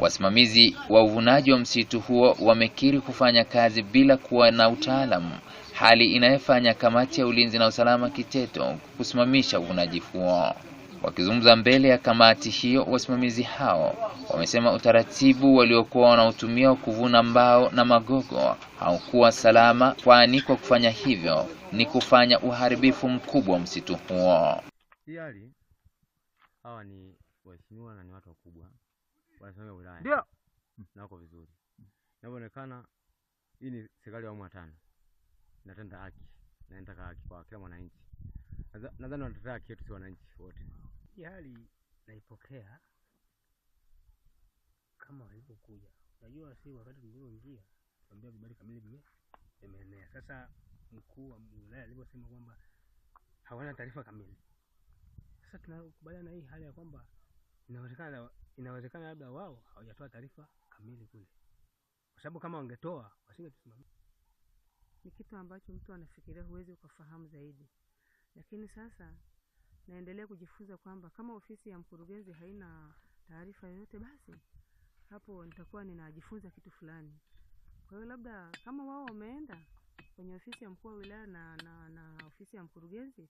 Wasimamizi wa uvunaji wa msitu huo wamekiri kufanya kazi bila kuwa na utaalamu, hali inayofanya kamati ya ulinzi na usalama Kiteto kusimamisha uvunaji huo. Wakizungumza mbele ya kamati hiyo, wasimamizi hao wamesema utaratibu waliokuwa wanaotumia wa kuvuna mbao na magogo haukuwa salama, kwani kwa kufanya hivyo ni kufanya uharibifu mkubwa wa msitu huo. Hawa ni waheshimiwa na ni watu wakubwa Wanasema wilaya. Ndio. Hmm, na wako vizuri. Inavyoonekana hii ni serikali ya awamu ya tano. Inatenda haki. Inataka haki kwa kila mwananchi. Nadhani wanataka haki yetu si wananchi wote. Hii hali naipokea kama walivyokuja. Unajua si wakati tulioingia tuambia vibali kamili vime vimeenea. Sasa mkuu wa wilaya alivyosema kwamba hawana taarifa kamili. Sasa tunakubaliana na hii hali ya kwamba inawezekana inawezekana labda wao hawajatoa taarifa kamili kule, kwa sababu kama wangetoa wasingetusimamia. Ni kitu ambacho mtu anafikiria huwezi ukafahamu zaidi, lakini sasa naendelea kujifunza kwamba kama ofisi ya mkurugenzi haina taarifa yoyote, basi hapo nitakuwa ninajifunza kitu fulani. Kwa hiyo labda kama wao wameenda kwenye ofisi ya mkuu wa wilaya na, na, na ofisi ya mkurugenzi,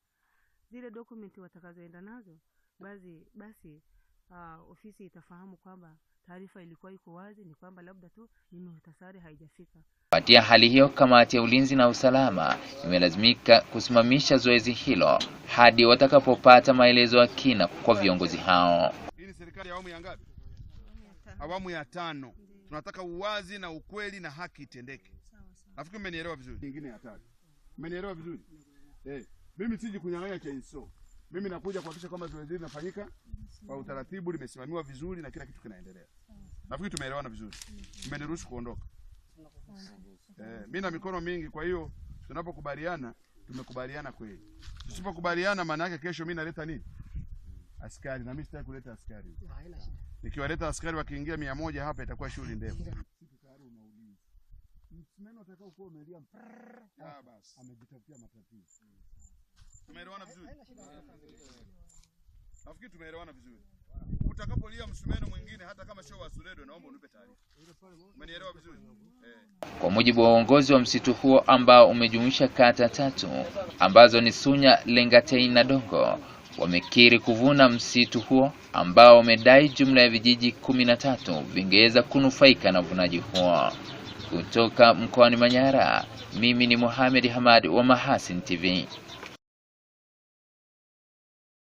zile dokumenti watakazoenda nazo basi basi uh, ofisi itafahamu kwamba taarifa ilikuwa iko wazi, ni kwamba labda tu ni muhtasari haijafika. Kufuatia hali hiyo, kamati ya ulinzi na usalama imelazimika kusimamisha zoezi hilo hadi watakapopata maelezo ya kina kwa viongozi hao. Hii ni serikali ya awamu ya ngapi? Awamu ya tano. Tunataka uwazi na ukweli na haki itendeke. Nafikiri umenielewa vizuri. Nyingine ya tatu. umenielewa vizuri? Eh, mimi siji kunyang'anya chainsaw. Mimi nakuja kuhakikisha kwamba zoezi hili linafanyika kwa utaratibu, limesimamiwa vizuri na kila kitu kinaendelea. Nafikiri tumeelewana vizuri, mmeniruhusu kuondoka eh, mimi na mikono mingi. Kwa hiyo tunapokubaliana tumekubaliana kweli, tusipokubaliana maana yake kesho mimi naleta nini? Askari. Na mimi sitaki kuleta askari, nikiwaleta askari wakiingia mia moja hapa itakuwa shughuli ndefu. kuwa umelia, ah, amejitafutia matatizo tumeelewana vizuri? Nafikiri tumeelewana vizuri. Utakapolia msumeno mwingine hata kama sio wa SUREDO, naomba unipe taarifa. Umenielewa vizuri? Eh. Kwa mujibu wa uongozi wa msitu huo ambao umejumuisha kata tatu ambazo ni Sunya, Lengatei na Dongo, wamekiri kuvuna msitu huo ambao wamedai jumla ya vijiji kumi na tatu vingeweza kunufaika na uvunaji huo. Kutoka mkoani Manyara, mimi ni Mohamed Hamad wa Mahasin TV.